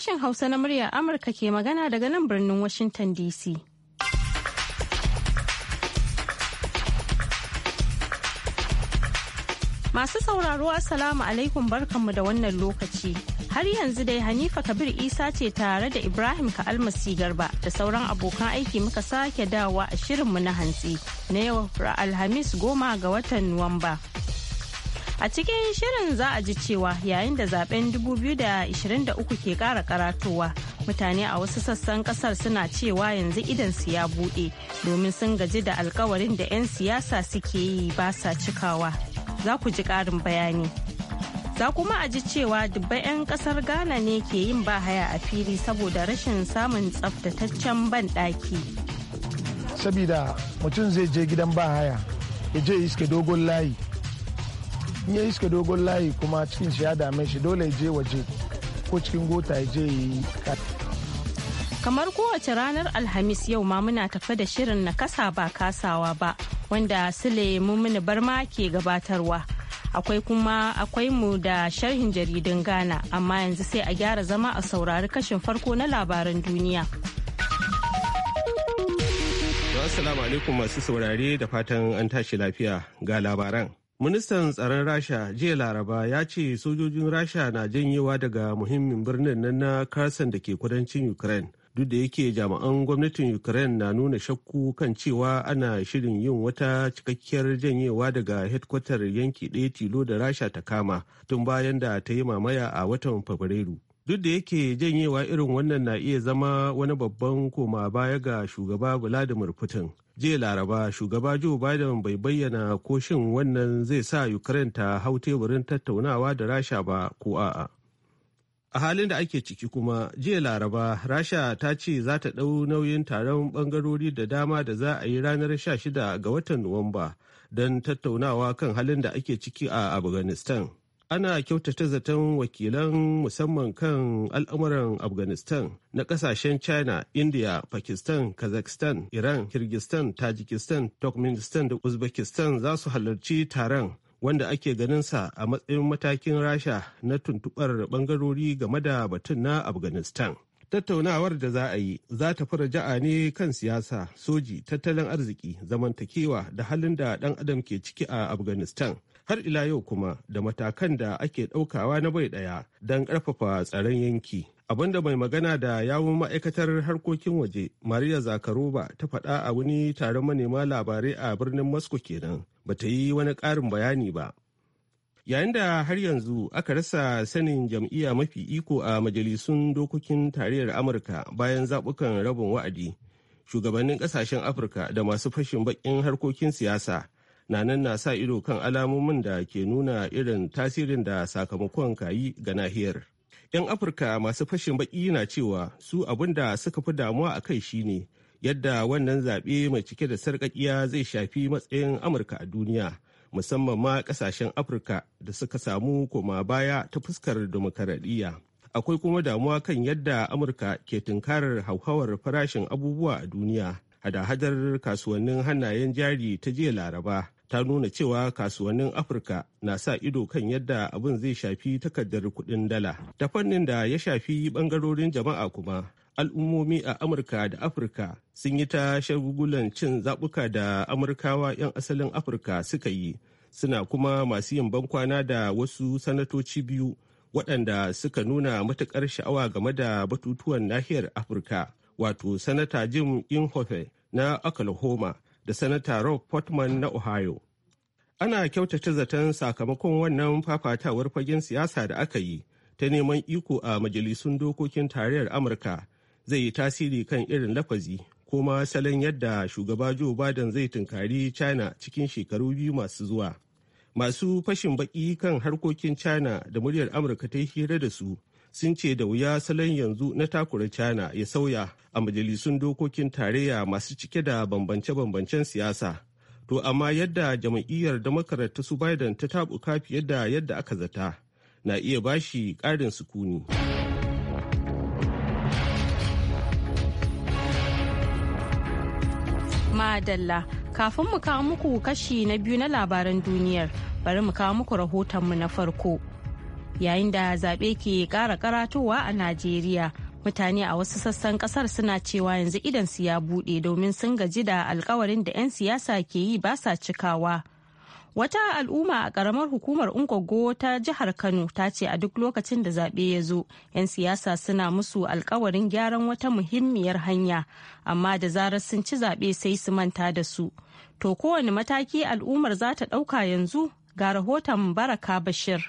Sashen Hausa na muryar Amurka ke magana daga nan birnin Washington DC. Masu sauraro Assalamu alaikum barkanmu da wannan lokaci. Har yanzu dai Hanifa Kabir Isa ce tare da Ibrahim Ka'almasi Garba da sauran abokan aiki muka sake dawa a shirinmu na hantsi na yau Alhamis goma ga watan Nuwamba. A cikin shirin za a ji cewa yayin da zaben 2023 ke kara karatowa mutane a wasu sassan kasar suna cewa yanzu idansu ya bude domin sun gaji da alkawarin da 'yan siyasa suke yi ba sa cikawa. Za ku ji karin bayani. Za kuma a ji cewa dubban 'yan kasar Ghana ne ke yin bahaya a fili saboda rashin samun tsaftataccen banɗaki. Sabida mutum zai je gidan bahaya, ya je iske dogon layi. in ya iska dogon layi kuma cikin shi ya dame shi dole ya je waje ko cikin gota ya je yi kamar kowace ranar alhamis yau ma muna tafi da shirin na kasa ba kasawa ba wanda sule mummuni barma ke gabatarwa akwai kuma akwai mu da sharhin jaridun ghana amma yanzu sai a gyara zama a saurari kashin farko na labaran duniya assalamu alaikum masu saurare da fatan an tashi lafiya ga labaran ministan tsaron rasha jiya laraba ya ce sojojin rasha na janyewa daga muhimmin birnin nan na karsan da ke kudancin ukraine duk da yake jami'an gwamnatin ukraine na nuna shakku kan cewa ana shirin yin wata cikakkiyar janyewa daga hedkwatar yanki ɗaya tilo da rasha ta kama tun bayan da ta yi mamaya a watan fabrairu duk da yake janyewa irin wannan na iya zama wani babban koma baya ga shugaba vladimir putin jiya laraba shugaba joe biden bai bayyana ko shin wannan zai sa ukraine ta hau teburin tattaunawa da rasha ba ko a'a a halin da ake ciki kuma jiya laraba rasha ta ce za ta ɗau nauyin taron ɓangarori da dama da za a yi ranar 16 ga watan nuwamba don tattaunawa kan halin da ake ciki a afghanistan ana kyautata zaton wakilan musamman kan al'amuran afghanistan na kasashen china india pakistan kazakhstan iran Kyrgyzstan, tajikistan turkmenistan da uzbekistan za su halarci taron wanda ake ganinsa a matsayin matakin rasha na tuntubar bangarori game da batun na afghanistan tattaunawar da za a yi za ta fi raja'a ne kan siyasa soji tattalin arziki zamantakewa da halin da ɗan adam ke ciki a afghanistan har ila yau kuma da matakan da ake ɗaukawa na bai ɗaya don ƙarfafa tsaron yanki abinda mai magana da yawun ma'aikatar harkokin waje maria zakaroba ta faɗa a wani taron manema labarai a birnin moscow kenan ba ta yi wani ƙarin bayani ba yayin da har yanzu aka rasa sanin jam'iyya mafi iko a majalisun dokokin tarayyar amurka bayan zaɓukan rabin wa'adi shugabannin ƙasashen afirka da masu fashin baƙin harkokin siyasa na nan na sa ido kan alamomin da ke nuna irin tasirin da sakamakon kayi ga nahiyar 'yan afirka masu fashin baƙi na cewa su abin da suka fi damuwa a kai shine yadda wannan zaɓe mai cike da sarƙaƙiya zai shafi matsayin amurka a duniya musamman ma kasashen afirka da suka samu koma baya ta fuskar demokaradiyya akwai kuma damuwa kan yadda amurka ke tunkarar hauhawar farashin abubuwa a duniya hada-hadar kasuwannin hannayen jari ta jiya laraba ta nuna cewa kasuwannin afirka na sa ido kan yadda abin zai shafi takardar kudin dala ta fannin da ya shafi bangarorin jama'a kuma al'ummomi a amurka da afirka sun yi ta shagugulan cin zabuka da amurkawa 'yan asalin afirka suka yi suna kuma masu yin bankwana da wasu sanatoci biyu waɗanda suka nuna matuƙar sha'awa game da batutuwan nahiyar afirka wato sanata jim inhofe na oklahoma da sanata rob portman na ohio ana kyautata zaton sakamakon wannan fafatawar fagen siyasa da aka yi ta neman iko a majalisun dokokin tarayyar amurka zai yi tasiri kan irin lafazi kuma salon yadda shugaba Joe Biden zai tunkari China cikin shekaru biyu masu zuwa. Masu fashin baki kan harkokin China da muryar Amurka ta yi hira da su sun ce da wuya salon yanzu na takura China ya sauya a majalisun dokokin tarayya masu cike da bambance-bambancen siyasa. To amma yadda jam'iyyar Democrat ta su Biden ta tabuka fiye da yadda aka zata na iya bashi ƙarin sukuni. dalla kafin mu kawo muku kashi na biyu na labaran duniyar bari mu kawo muku rahotonmu na farko yayin da zaɓe ke ƙara karatowa a najeriya mutane a wasu sassan ƙasar suna cewa yanzu su ya buɗe domin sun gaji da alkawarin da 'yan siyasa ke yi ba sa cikawa Wata al'umma a ƙaramar hukumar Unkogo ta jihar Kano ta ce a duk lokacin da zaɓe ya zo, 'yan siyasa suna musu alkawarin gyaran wata muhimmiyar hanya, amma da zarar sun ci zaɓe sai su manta da su. To kowane mataki al'ummar za ta ɗauka yanzu ga rahoton Baraka Bashir.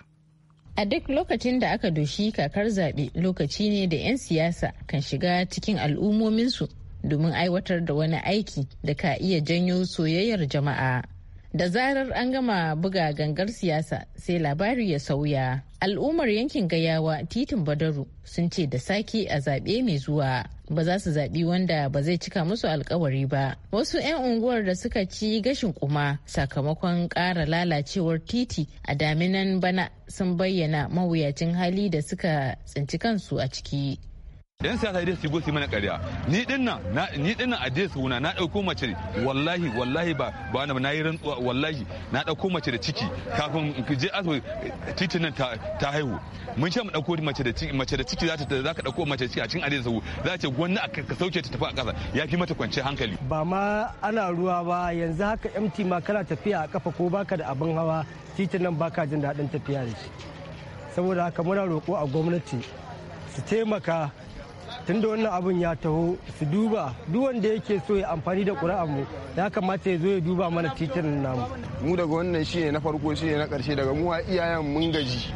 A duk lokacin da aka doshi kakar zaɓe lokaci ne da 'yan siyasa kan shiga cikin al'ummominsu domin aiwatar da wani aiki da ka iya janyo soyayyar jama'a. da zarar an gama buga gangar siyasa sai labari ya sauya al'ummar yankin gayawa titin badaru sun ce da sake a zaɓe mai zuwa ba za su zaɓi wanda ba zai cika musu alkawari ba wasu 'yan unguwar da suka ci gashin kuma sakamakon ƙara lalacewar titi a daminan bana sun bayyana mawuyacin hali da suka tsinci kansu a ciki yan siyasa dai su gosi mana ƙarya ni dinnan ni dinnan a dai suna na dauko mace wallahi wallahi ba ba na yi rantsuwa wallahi na dauko mace da ciki kafin je asibiti titin nan ta haihu mun ce mu dauko mace da ciki mace da ciki za ta za ka dauko mace ciki a cikin adai sau za ce gwanna a ka sauke ta tafi a ƙasa ya fi mata kwanciyar hankali ba ma ana ruwa ba yanzu haka MT ma kana tafiya a kafa ko baka da abin hawa titin nan baka jin daɗin tafiya da shi saboda haka muna roƙo a gwamnati su taimaka tun da wannan abun ya taho su duba duk wanda yake so ya amfani da ƙuri'an mu ya kamata ya zo ya duba mana titin namu mu daga wannan shine na farko shine na ƙarshe daga mu iyayen mun gaji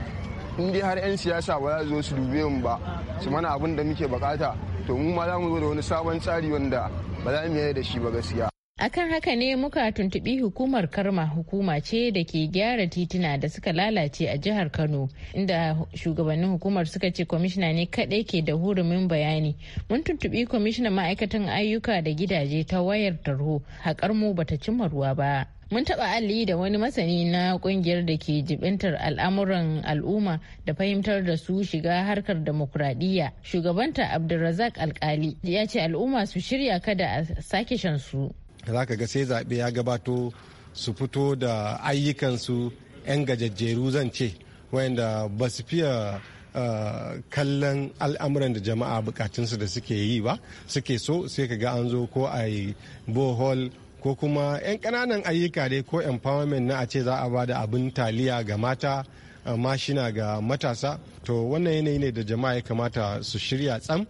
in dai har 'yan siyasa ba za su zo su dube mu ba su mana abin da muke bukata to mu ma za mu zo da wani sabon tsari wanda ba za mu yi da shi ba gaskiya akan haka ne muka tuntubi hukumar karma hukuma ce da ke gyara tituna da suka lalace a jihar kano inda shugabannin hukumar suka ce kwamishina ne kadai ke da hurumin bayani mun tuntubi kwamishinan ma'aikatan ayyuka da gidaje ta wayar tarho haƙar mu bata cimma ruwa ba mun taɓa alli da wani masani na kungiyar da ke jibintar al'amuran al'umma da fahimtar da su shiga harkar demokuraɗiyya shugabanta abdulrazak alkali ya ce al'umma su shirya kada a sake shan su za ka ga sai zaɓe ya gabato su fito da ayyukansu 'yan gajajjeru zan ce wayanda ba su fiye eh, kallon al'amuran da jama'a bukatunsu da suke yi ba suke so sai ka ga an zo ko a yi bohol ko kuma 'yan ƙananan ayyuka dai ko empowerment na a ce za a ba da abin taliya ga mata eh, mashina ga matasa to wannan yanayi ne da jama'a ya kamata su shirya tsam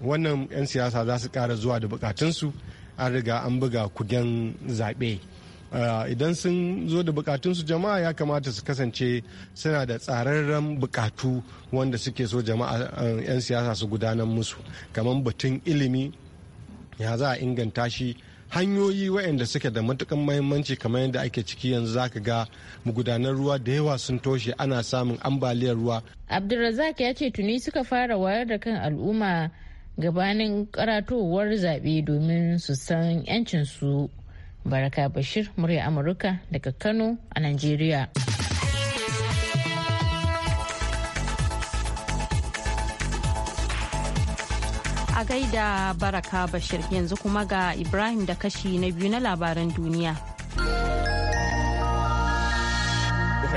wannan 'yan siyasa za su ƙara zuwa da bukatunsu an riga an buga kugen zaɓe ah, idan sun zo da bukatunsu jama'a ya kamata su kasance suna da tsararren bukatu wanda suke so jama'a eh, 'yan siyasa su gudanar musu kamar batun ilimi ya za a inganta shi hanyoyi waɗanda suke da matukan mahimmanci kamar yadda ake ciki yanzu za ka ga magudanar ruwa da yawa sun toshe ana samun ambaliyar ruwa abdulrazak ya ce tuni suka fara wayar da kan al'umma gabanin karatowar zaɓe domin su san su baraka bashir murya amurka daga kano a nigeria a gaida baraka bashir yanzu kuma ga ibrahim da kashi na biyu na labaran duniya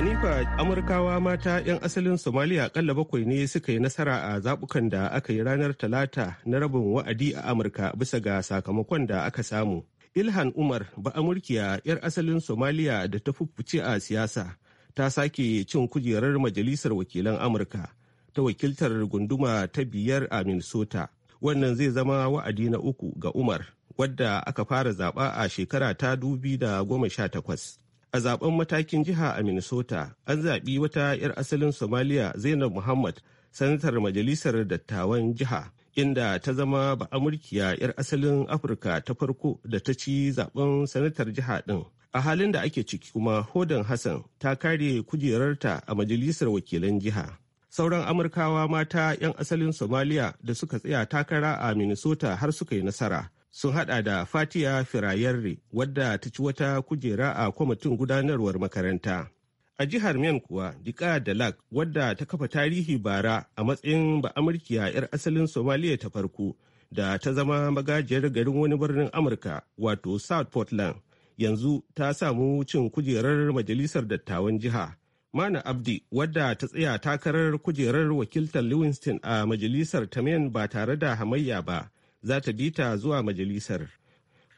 Hanifa Amurkawa mata 'yan asalin Somalia kalla bakwai ne suka yi nasara a zabukan da aka yi ranar Talata na rabin wa'adi a Amurka bisa ga sakamakon da aka samu. Ilhan Umar ba Amurkiya 'yar asalin Somalia da ta fuffuce a siyasa ta sake cin kujerar Majalisar Wakilan Amurka ta wakiltar gunduma ta biyar a Minnesota. Wannan zai zama wa'adi na uku ga Umar wadda aka fara zaba a shekara ta 2018. a zaben matakin jiha a minnesota an zaɓi wata 'yar asalin Somalia zainab muhammad sanatar majalisar dattawan jiha inda ta zama ba amurkiya 'yar asalin afirka ta farko da ta ci zaben sanatar jiha ɗin a halin da ake ciki kuma hodan hassan ta kare kujerarta a majalisar wakilan jiha sauran amurkawa mata 'yan asalin somaliya da suka tsaya takara a minnesota har suka yi nasara sun hada da fatiya firayarre wadda ta ci wata kujera a kwamitin gudanarwar makaranta a jihar miyan kuwa dika lak wadda ta kafa tarihi bara a matsayin ba'amurkiya 'yar asalin somaliya ta farko da ta zama magajiyar garin wani birnin amurka wato south portland yanzu ta samu cin kujerar majalisar dattawan jiha mana abdi wadda ta tsaya takarar kujerar wakiltar livingston a majalisar ta Men ba tare da hamayya ba za ta bi ta zuwa majalisar.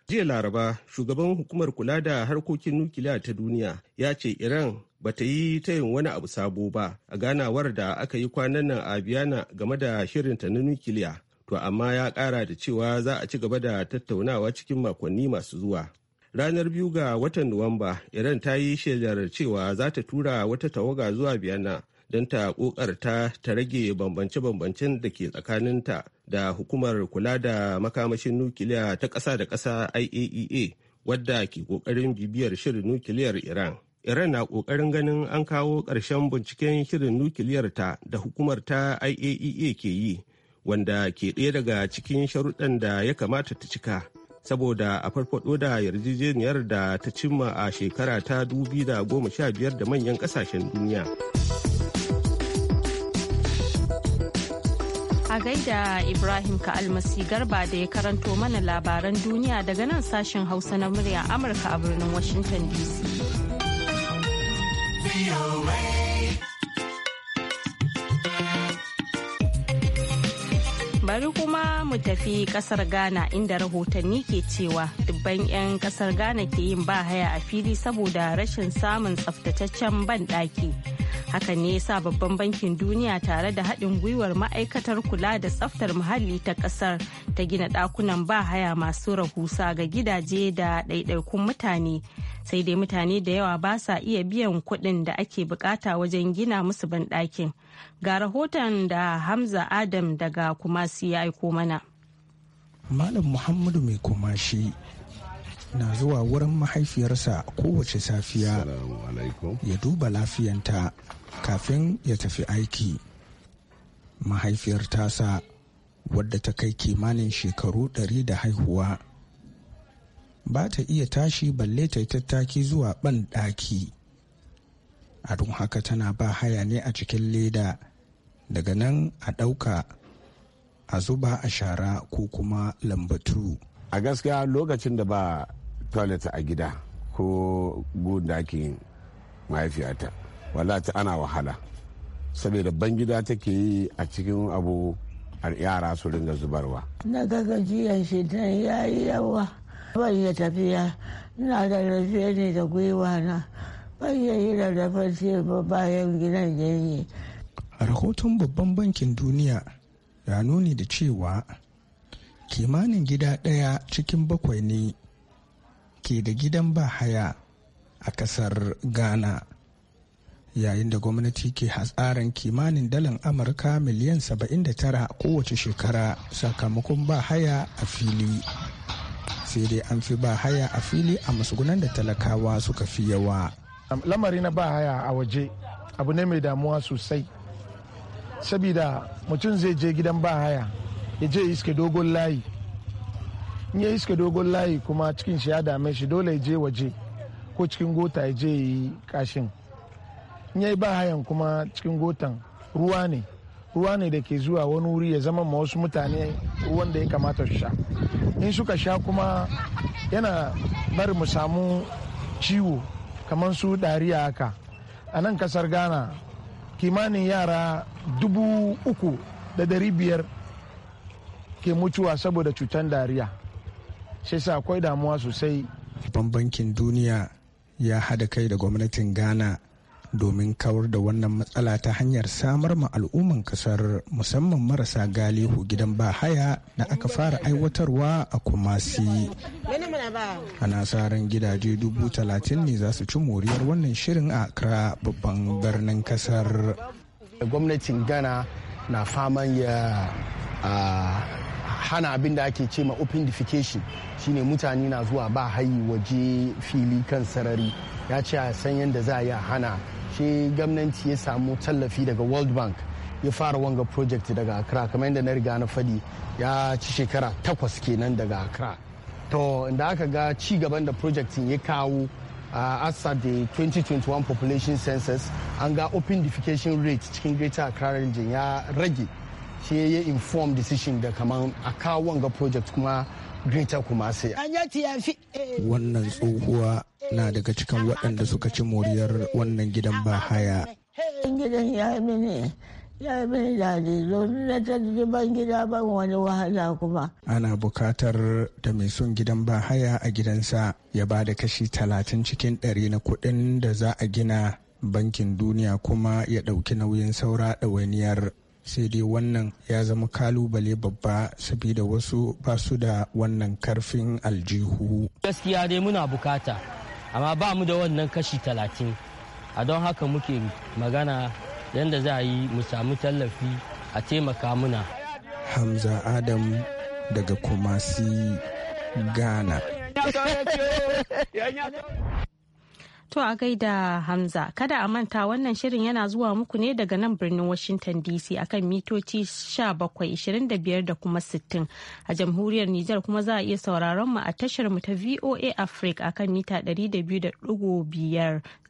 Jiya Laraba, shugaban hukumar kula da harkokin nukiliya ta duniya ya ce Iran ba ta yi tayin wani abu sabo ba a ganawar da aka yi kwanan nan a Biyana game da shirinta na nukiliya. To amma ya kara da cewa za a ci gaba da tattaunawa cikin makonni masu zuwa. ranar biyu ga watan nuwamba iran ta yi shaidar cewa za ta tura wata tawaga zuwa biyana don ta kokarta ta rage bambance-bambancen da ke tsakaninta da hukumar kula da makamashin nukiliya ta ƙasa da ƙasa iaea e wadda ke kokarin bibiyar shirin nukiliyar iran iran na kokarin ganin an kawo ƙarshen binciken shirin nukiliyar ta da hukumar ta iaea e ke yi wanda ke ɗaya daga cikin sharuɗan da ya kamata ta cika saboda a farfaɗo da yarjejeniyar da ta cimma a shekara ta 2015 da manyan ƙasashen duniya. A gaida Ibrahim ka almasi Garba da ya karanto mana labaran duniya daga nan sashen Hausa na murya Amurka a birnin Washington DC. Bari kuma mu tafi kasar Ghana inda rahotanni ke cewa dubban 'yan kasar Ghana ke yin haya a fili saboda rashin samun tsaftataccen ban daki. hakan ne sa babban bankin duniya tare da haɗin gwiwar ma'aikatar kula da tsaftar muhalli ta ƙasar ta gina ɗakunan ba haya masu rahusa ga gidaje da ɗaiɗaikun mutane sai dai mutane da yawa ba sa iya biyan kuɗin da ake bukata wajen gina musu banɗakin ga rahoton da hamza adam daga kumasi ya aiko mana malam muhammadu mai kumashi na zuwa wurin mahaifiyarsa kowace safiya ya duba lafiyanta kafin ya tafi aiki mahaifiyar tasa wadda ta kai kimanin shekaru ɗari da haihuwa ba ta iya tashi balle ta yi tattaki zuwa ban ɗaki a don haka tana ba haya ne a cikin leda daga nan a ɗauka a zuba a shara ko kuma lambatu a gaskiya lokacin da ba toilet a gida ko gun dakin mahaifiyata wallahi ana wahala saboda bangida take yi a cikin abu yara su ringa zubarwa na gaga jiyan shi ya yi yawa ban ya tafiya na da rafiya ne da gwiwa na ban ya yi rarrafa ce bayan gidan ganye rahoton babban bankin duniya ya nuni da cewa kimanin gida daya cikin bakwai ne ke da gidan ba haya a kasar ghana yayin da gwamnati ke hatsarin kimanin dalan amurka miliyan 79 kowace shekara sakamakon ba haya a fili sai dai an fi ba haya a fili a masugunan da talakawa suka fi yawa lamari na ba haya a waje abu ne mai damuwa sosai sabida mutum zai je gidan ba haya ya je iske dogon layi in ya iske dogon layi kuma cikin shi ya dame shi dole ya je waje ko cikin gota ya je yi kashin in yayi ba hayan kuma cikin gotan ruwa ne ruwa ne da ke zuwa wani wuri ya zama ma wasu mutane ruwan da ya kamata su sha in suka sha kuma yana bari mu samu ciwo kamar su dariya haka a nan kasar ghana kimanin yara dubu uku da dari biyar ke mutuwa saboda cutar dariya sai sa akwai damuwa sosai babban bankin duniya ya hada kai da gwamnatin ghana domin kawar da wannan matsala ta hanyar samar ma al'umman kasar musamman marasa galihu gidan bahaya da aka fara aiwatarwa a kumasi a nasarar gidaje dubu talatin ne za su ci moriyar wannan shirin a kira babban birnin kasar gwamnatin ghana na faman ya hana abin da ake ce ma open defecation shine mutane na zuwa ba hayi waje fili kan sarari ya ce a san yadda za a hana shi gwamnati ya samu tallafi daga world bank ya fara wanga project daga accra kamar yadda na riga na fadi ya ci shekara takwas kenan daga accra to inda aka ga ci gaban da project ya kawo uh, as at the 2021 population census an ga open defecation rate cikin greater accra region ya rage shi ya inform decision da kaman a kawo wanga project kuma kuma Kumasi. Eh. Wannan tsohuwa na daga cikin waɗanda suka ci moriyar wannan gidan ba haya. gidan ya mini ya mini daɗi domin na ta ban gida ban wani wahala kuma. Ana bukatar da mai son gidan ba haya a gidansa ya ba da kashi talatin cikin ɗari na kuɗin da za a gina bankin duniya kuma ya ɗauki nauyin saura ɗawainiyar sai dai wannan ya zama kalubale babba sabida wasu ba su da wannan karfin aljihu gaskiya dai muna bukata amma ba mu da wannan kashi talatin a don haka muke magana yadda za a yi mu samu tallafi a taimaka muna hamza adam daga kumasi ghana To a gaida Hamza, kada a manta wannan shirin yana zuwa muku ne daga nan birnin Washington DC akan mitoci 1725 da kuma 60 a jamhuriyar Nijar kuma za a iya sauraron mu a tashar mu ta VOA Africa akan mita 200.5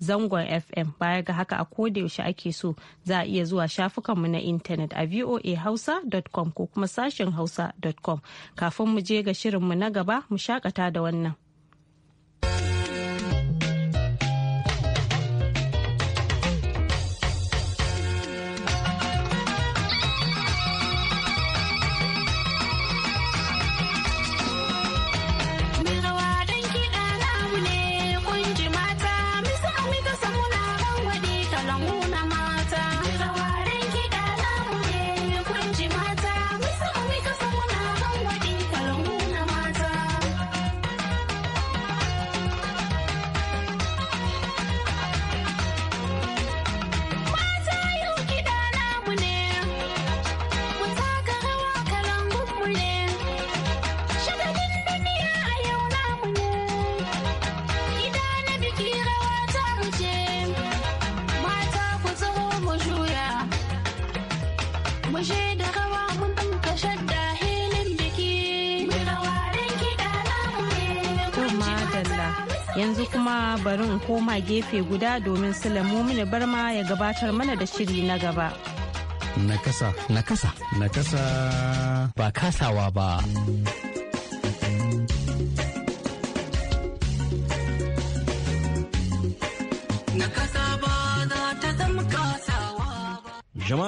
zangon FM baya ga haka a koda yaushe ake so za a iya zuwa shafukan mu na intanet a voahausa.com ko kuma sashen hausa.com kafin mu je ga shirin mu na gaba mu shakata da wannan. yanzu kuma bari in koma gefe guda domin sulamu mini barma ya gabatar mana da shiri na gaba. Nakasa. Nakasa. Nakasa. Ba kasawa ba.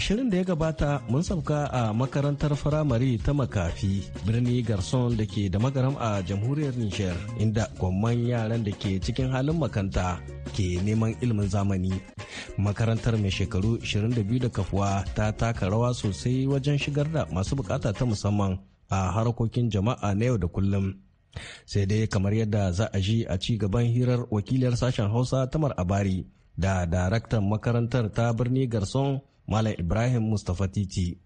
ashirin da ya gabata mun sauka a makarantar firamare ta makafi birni garson da ke da magaram a jamhuriyar Nijar inda gwamman yaran da ke cikin halin makanta ke neman ilimin zamani. Makarantar mai shekaru 22 da kafuwa ta taka rawa sosai wajen shigar da masu bukata ta musamman a harkokin jama'a na yau da kullum. Sai dai kamar yadda za a ji a ci gaban hirar wakiliyar sashen Hausa Tamar Abari da daraktan makarantar ta birni Garson Malam Ibrahim Mustapha Titi.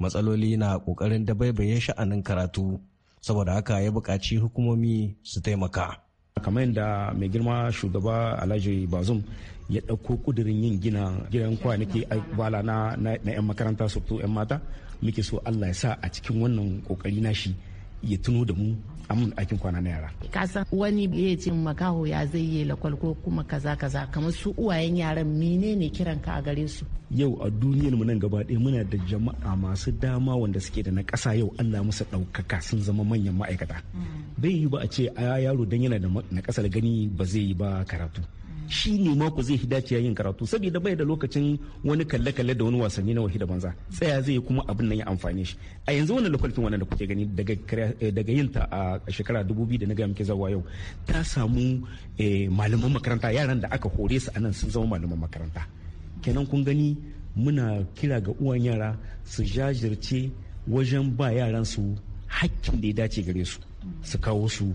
Matsaloli na ƙoƙarin dabaibaye sha'anin karatu, saboda haka ya buƙaci hukumomi su taimaka. kamar yadda mai girma shugaba alhaji bazum ya ɗauko ƙudurin yin gina gidan kwanaki bala na 'yan makaranta su 'yan mata muke so allah ya sa a cikin wannan ƙoƙari na shi ya tuno da mu a amin aikin kwana na yara. kasan wani ya ce makaho ya zai yi lakwal ko kuma kaza kaza kamar su uwayen yaran menene kiran ka a gare su. yau a duniyar mu nan gaba ɗaya muna da jama'a masu dama wanda suke da na ƙasa yau Allah musu ɗaukaka sun zama manyan ma'aikata. Mm. bai yi ba a ce a yaro dan yana da na ƙasar gani ba zai yi ba karatu. shi ne mako zai hi dace yin karatu saboda bai da lokacin wani kalle-kalle da wani wasanni na wahida da banza tsaya zai kuma abin nan ya amfane shi a yanzu wannan lokacin wannan da kuke gani daga eh, yin ta a shekara biyu da na gaya muke zawa yau ta samu eh, malaman makaranta yaran da aka hore su anan sun zama malaman makaranta kenan kun gani muna kira ga uwan yara su jajirce wajen ba yaran su hakkin da ya dace gare su su kawo su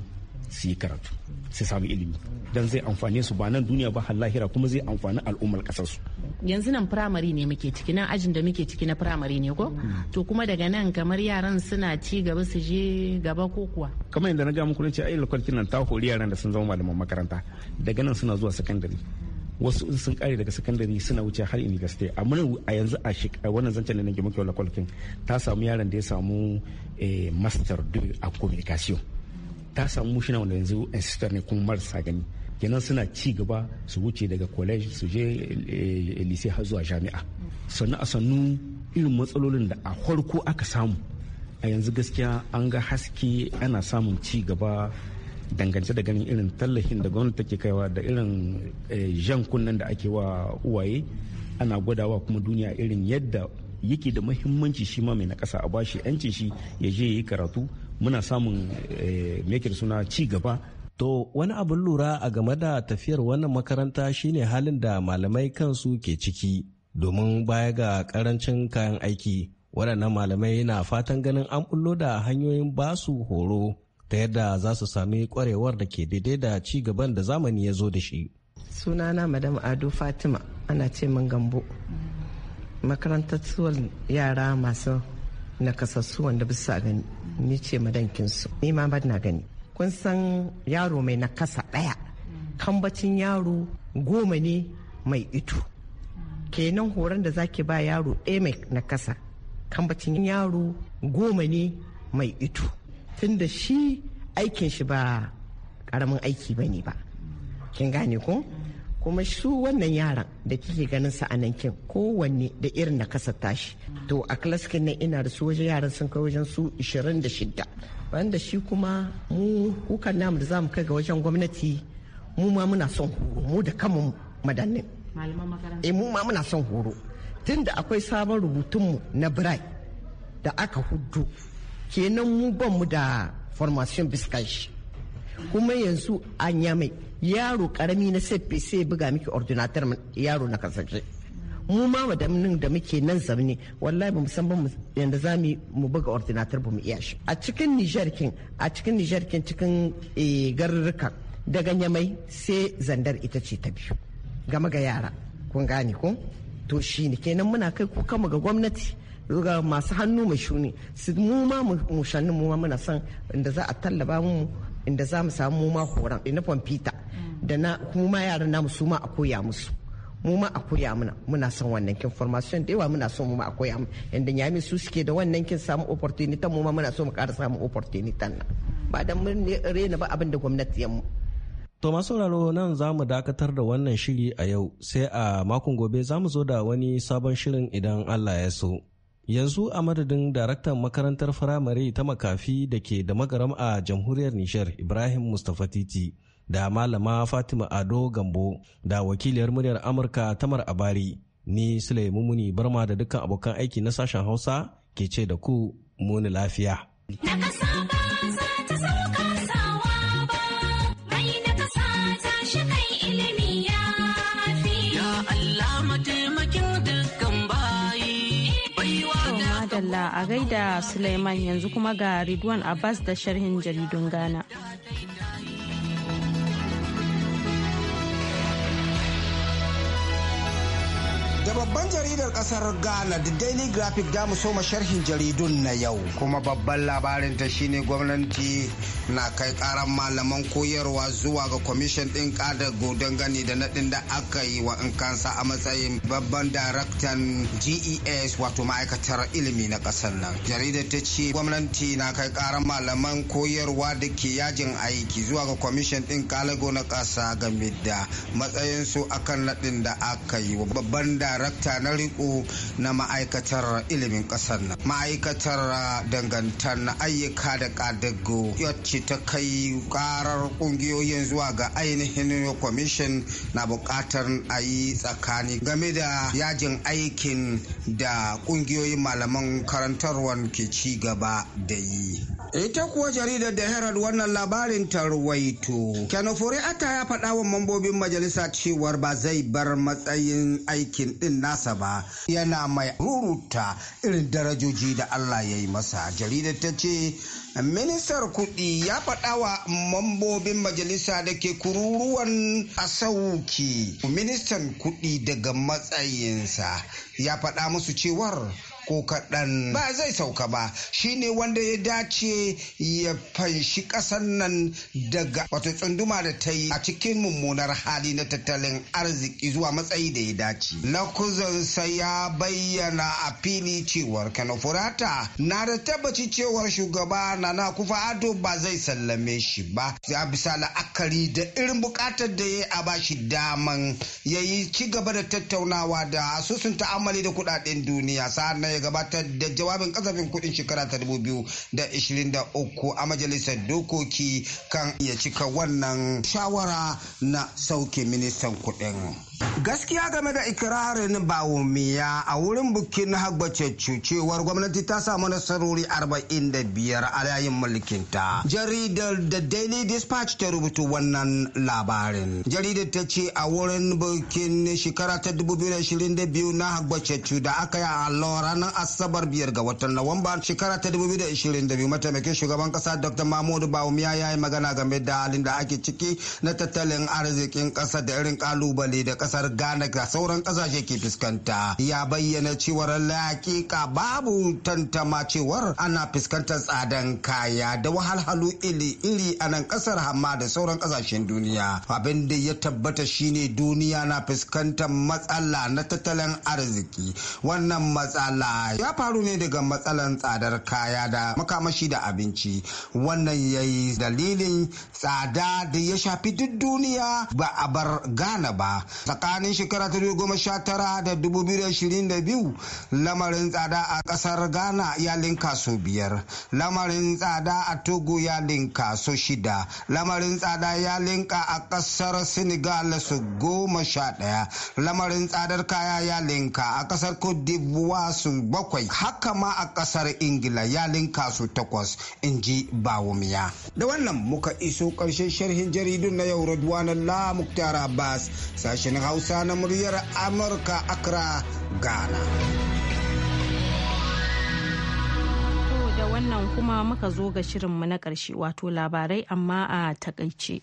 su yi karatu su sami ilimi don zai amfane su ba nan duniya ba har lahira kuma zai amfani al'ummar kasar su yanzu nan firamare ne muke ciki nan ajin da muke ciki na firamare ne ko to kuma daga nan kamar yaran suna ci gaba su je gaba ko kuwa kamar yadda na ga muku ce ai lokacin nan ta hori yaran da sun zama malaman makaranta daga nan suna zuwa sakandare wasu sun kare daga sakandare suna wuce har university amma a yanzu a wannan zancen da nake muke wala kwalkin ta samu yaran da ya samu eh, master a communication ta samu mushina wanda yanzu insistar ne kuma marasa gani kenan suna ci gaba su wuce daga college su je eh, lise har zuwa jami'a sannu a sannu irin matsalolin da a farko aka samu a yanzu gaskiya an ga haske ana samun ci gaba dangance da ganin irin tallafin da gwamnati take kaiwa da irin eh, jan kunnen da ake wa uwaye ana gwadawa kuma duniya irin yadda yake da mahimmanci shi ma mai na ƙasa a bashi yanci shi ya je ya yi karatu muna samun eh, da suna ci gaba To wani abin lura a game da tafiyar wannan makaranta shine halin da malamai kansu ke ciki domin baya ga karancin kayan aiki waɗannan malamai na fatan ganin an bullo da hanyoyin basu horo ta yadda za su sami kwarewar da ke daidai da ci gaban da zamani ya zo da shi. Sunana Madam Ado Fatima ana ce min gambo. Makarantar yara masu nakasassu wanda bisa gani ni ce madankinsu ni ma na gani kun san yaro mai nakasa ɗaya kambacin yaro goma ne mai ito kenan horon da zaki ba yaro ɗaya mai nakasa kambacin yaro goma ne mai ito tunda shi aikin shi ba ƙaramin aiki ba ne ba kin gane ko kuma su wannan yaran da kike ganin sa a nan kin kowanne da irin na kasa tashi to a klaskin nan ina da su wajen yaran sun kai wajen su 26 wanda shi kuma mu kukan namu da zamu kai ga wajen gwamnati mu ma muna son horo mu da kanmu madannin eh mu ma muna son horo tunda akwai sabon rubutun rubutunmu na birai da aka hudu kenan mu ban mu da formation biskashi. kuma yanzu an ya mai yaro karami na sefe sai buga miki ordinatar yaro na kasance mu ma madamin da muke nan zamani wallahi bamu san ba yanda za mu buga ordinatar mu iya shi a cikin Niger kin a cikin Niger kin cikin eh, garurruka daga nyamai sai zandar ita ce ta biyu game ga yara kun gane ko to shi ne kenan muna kai kuka kama ga gwamnati ga masu hannu mai shuni su mu ma mu shannu mu ma muna san inda za a tallaba mu inda za mu samu ma horon eh, na kwamfuta mm. da na kuma yaran namu su ma a koya musu mu ma a koya muna muna son wannan kin formation da yawa muna son mu ma a koya inda nyami su suke da wannan kin samu opportunity mu ma muna son mu ƙara samu opportunity nan ba dan mun rena ba abin da gwamnati ya mu To masu sauraro nan za mu dakatar da wannan shiri a yau sai a makon gobe za mu zo da wani sabon shirin idan Allah ya so. yanzu a madadin daraktan makarantar firamare ta makafi da ke da magaram a jamhuriyar nishar ibrahim mustapha titi da malama fatima ado gambo da wakiliyar muryar amurka tamar abari ni sulaimu muni barma da dukkan abokan aiki na sashen hausa ke ce da ku muni lafiya. a gaida Suleiman yanzu kuma ga Ridwan Abbas da sharhin jaridun Ghana. Babban jaridar kasar Ghana The Daily Graphic da mu soma sharhin jaridun na yau. Kuma babban labarin ta shine gwamnati na kai karan malaman koyarwa zuwa ga kwamishin ɗin kada godon gani da naɗin da aka yi wa in kansa a matsayin babban daraktan GES wato ma'aikatar ilimi na kasar nan. Jaridar ta ce gwamnati na kai karan malaman koyarwa da ke yajin aiki zuwa ga kwamishin ɗin kalago na ƙasa game da matsayinsu akan naɗin da aka yi wa babban daraktan halatta na riko na ma'aikatar ilimin kasar nan ma'aikatar uh, dangantar na ayyuka da kadago yacce ta kai karar kungiyoyin zuwa ga ainihin Commission, na bukatar a yi tsakani game da yajin aikin da kungiyoyin malaman karantarwar ke ci gaba da yi Ita kuwa jaridar da Herald wannan labarin ta ruwaito. Kyanofori Ata ya faɗa wa mambobin majalisa cewar ba zai bar matsayin aikin ɗin nasa ba. Yana mai ruruta irin darajoji da Allah ya yi masa. Jaridar ta ce ministar kuɗi ya faɗa wa mambobin majalisa da ke kururuwan a asauki ministan kuɗi daga matsayinsa ya faɗa musu cewar ko kaɗan ba zai sauka ba shine wanda ya dace ya fanshi ƙasar nan daga wato tsunduma da ta yi a cikin mummunar hali na tattalin arziki zuwa matsayi da ya dace sa ya bayyana a fili cewar kanofurata na da tabbaci cewar shugaba na kufa ado ba zai sallame shi ba a bisa la'akari da irin buƙatar da ya a shi daman ya yi ci gaba da tattaunawa da asusun ta'amali da kuɗaɗen duniya sa'an ya gabatar da jawabin kasafin kudin shekara ta 2023 a majalisar dokoki kan iya cika wannan shawara na sauke ministan kudin. gaskiya game da ikirarin bawumiya a wurin bukin hagbaceccu cewar gwamnati ta samu nasarori 45 a yayin mulkinta jaridar da daily dispatch ta rubuta wannan labarin jaridar ta ce a wurin bukin shekara ta 2022 na hagbaceccu da aka yi a ranar asabar biyar ga watan nawamba shekara ta 2022 mataimakin shugaban kasa dr Mahmud bawumiya ya yi magana game da halin da ake ciki na tattalin arzikin kasa da irin kalubale da kasa kasar Ghana da sauran kasashe ke fuskanta ya bayyana cewar laƙiƙa babu tantama cewar ana fuskantar tsadan kaya da wahalhalu ili iri a nan kasar hamma da sauran kasashen duniya abin da ya tabbata shine duniya na fuskantar matsala na tattalin arziki wannan matsala ya faru ne daga matsalan tsadar kaya da makamashi da abinci wannan ya yi dalilin tsada da ya shafi duk duniya ba a bar gana ba tsakanin shekara ta goma sha tara da dubu biyu da biyu lamarin tsada a kasar ghana ya linka so biyar lamarin tsada a togo ya linka so shida lamarin tsada ya linka a kasar senegal su goma sha daya lamarin tsadar kaya ya linka a kasar cote d'ivoire su bakwai haka ma a kasar ingila ya linka su takwas in ji bawumiya da wannan muka iso karshen sharhin jaridun na yau radwanan la muktar abbas sashen Hausa na muryar Amurka Accra, Ghana. da wannan kuma muka zo ga shirinmu na ƙarshe wato labarai amma a takaice.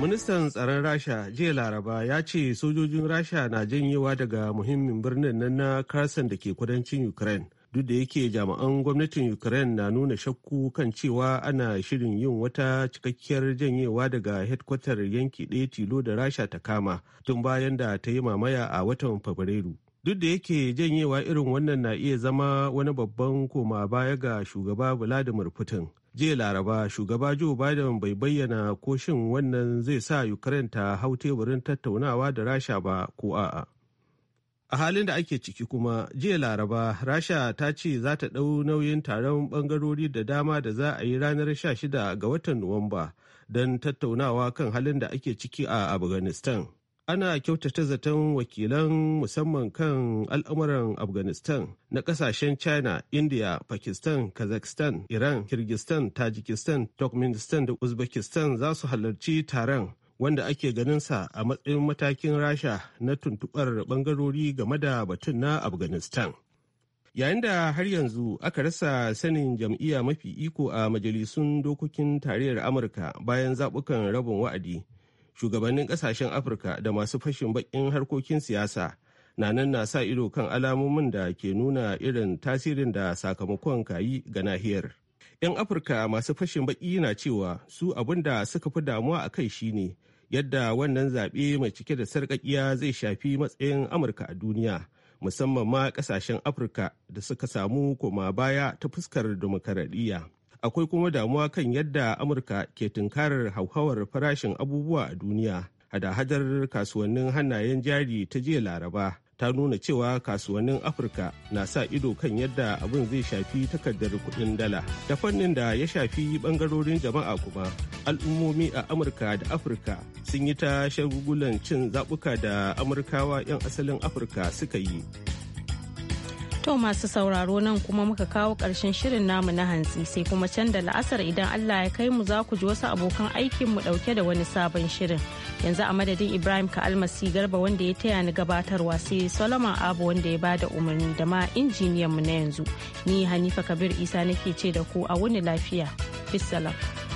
ministan tsaron rasha jiya laraba ya ce sojojin rasha na janyewa daga muhimmin birnin nan na karsan da ke kudancin ukraine duk da yake jami'an gwamnatin ukraine na nuna shakku kan cewa ana shirin yin wata cikakkiyar janyewa daga hedkwatar yanki ɗaya tilo da rasha ta kama tun bayan da ta yi mamaya a watan fabrairu duk da yake janyewa irin wannan na iya zama wani babban koma baya ga shugaba vladimir putin jiya laraba shugaba joe biden bai bayyana ko shin wannan zai sa ukraine ta hau teburin tattaunawa da rasha ba ko a'a a halin da ake ciki kuma jiya laraba rasha ta ce za ta ɗau nauyin taron ɓangarori da dama da za a yi ranar 16 ga watan nuwamba don tattaunawa kan halin da ake ciki a afghanistan ana kyautata zaton wakilan musamman kan al'amuran afghanistan na kasashen china india pakistan kazakhstan iran Kyrgyzstan, tajikistan turkmenistan da uzbekistan za su halarci taron wanda ake ganin sa a matsayin matakin rasha na tuntubar bangarori game da batun na afghanistan yayin da har yanzu aka rasa sanin jam'iyya mafi iko a majalisun dokokin tarayyar amurka bayan zaɓukan rabin wa'adi shugabannin ƙasashen afirka da masu fashin baƙin harkokin siyasa na nan na sa ido kan alamomin da ke nuna irin tasirin da sakamakon kayi ga nahiyar 'yan afirka masu fashin baƙi na cewa su abin da suka fi damuwa a kai shine yadda wannan zaɓe mai cike da sarƙaƙiya zai shafi matsayin amurka a duniya musamman ma ƙasashen afirka da suka samu koma baya ta fuskar demokaradiyya akwai kuma damuwa kan yadda amurka ke tunkarar hauhawar farashin abubuwa a duniya hada-hadar kasuwannin hannayen jari ta jiya laraba ta nuna cewa kasuwannin afirka na sa ido kan yadda abin zai shafi takardar kudin dala ta fannin da ya shafi bangarorin jama'a kuma al'ummomi a amurka da afirka sun yi ta shagugulan cin zabuka da amurkawa 'yan asalin afirka suka yi To masu sauraro nan kuma muka kawo ƙarshen shirin namu na hantsi sai kuma can da la'asar idan Allah ya kai mu za ku ji wasu abokan aikinmu ɗauke da wani sabon shirin. yanzu a madadin ibrahim ka'almasi garba wanda ya taya ni gabatarwa sai solomon abu wanda ya bada umarni da ma injiniyan mu na yanzu ni hanifa kabir isa nake ce da ku a wuni lafiya bisalam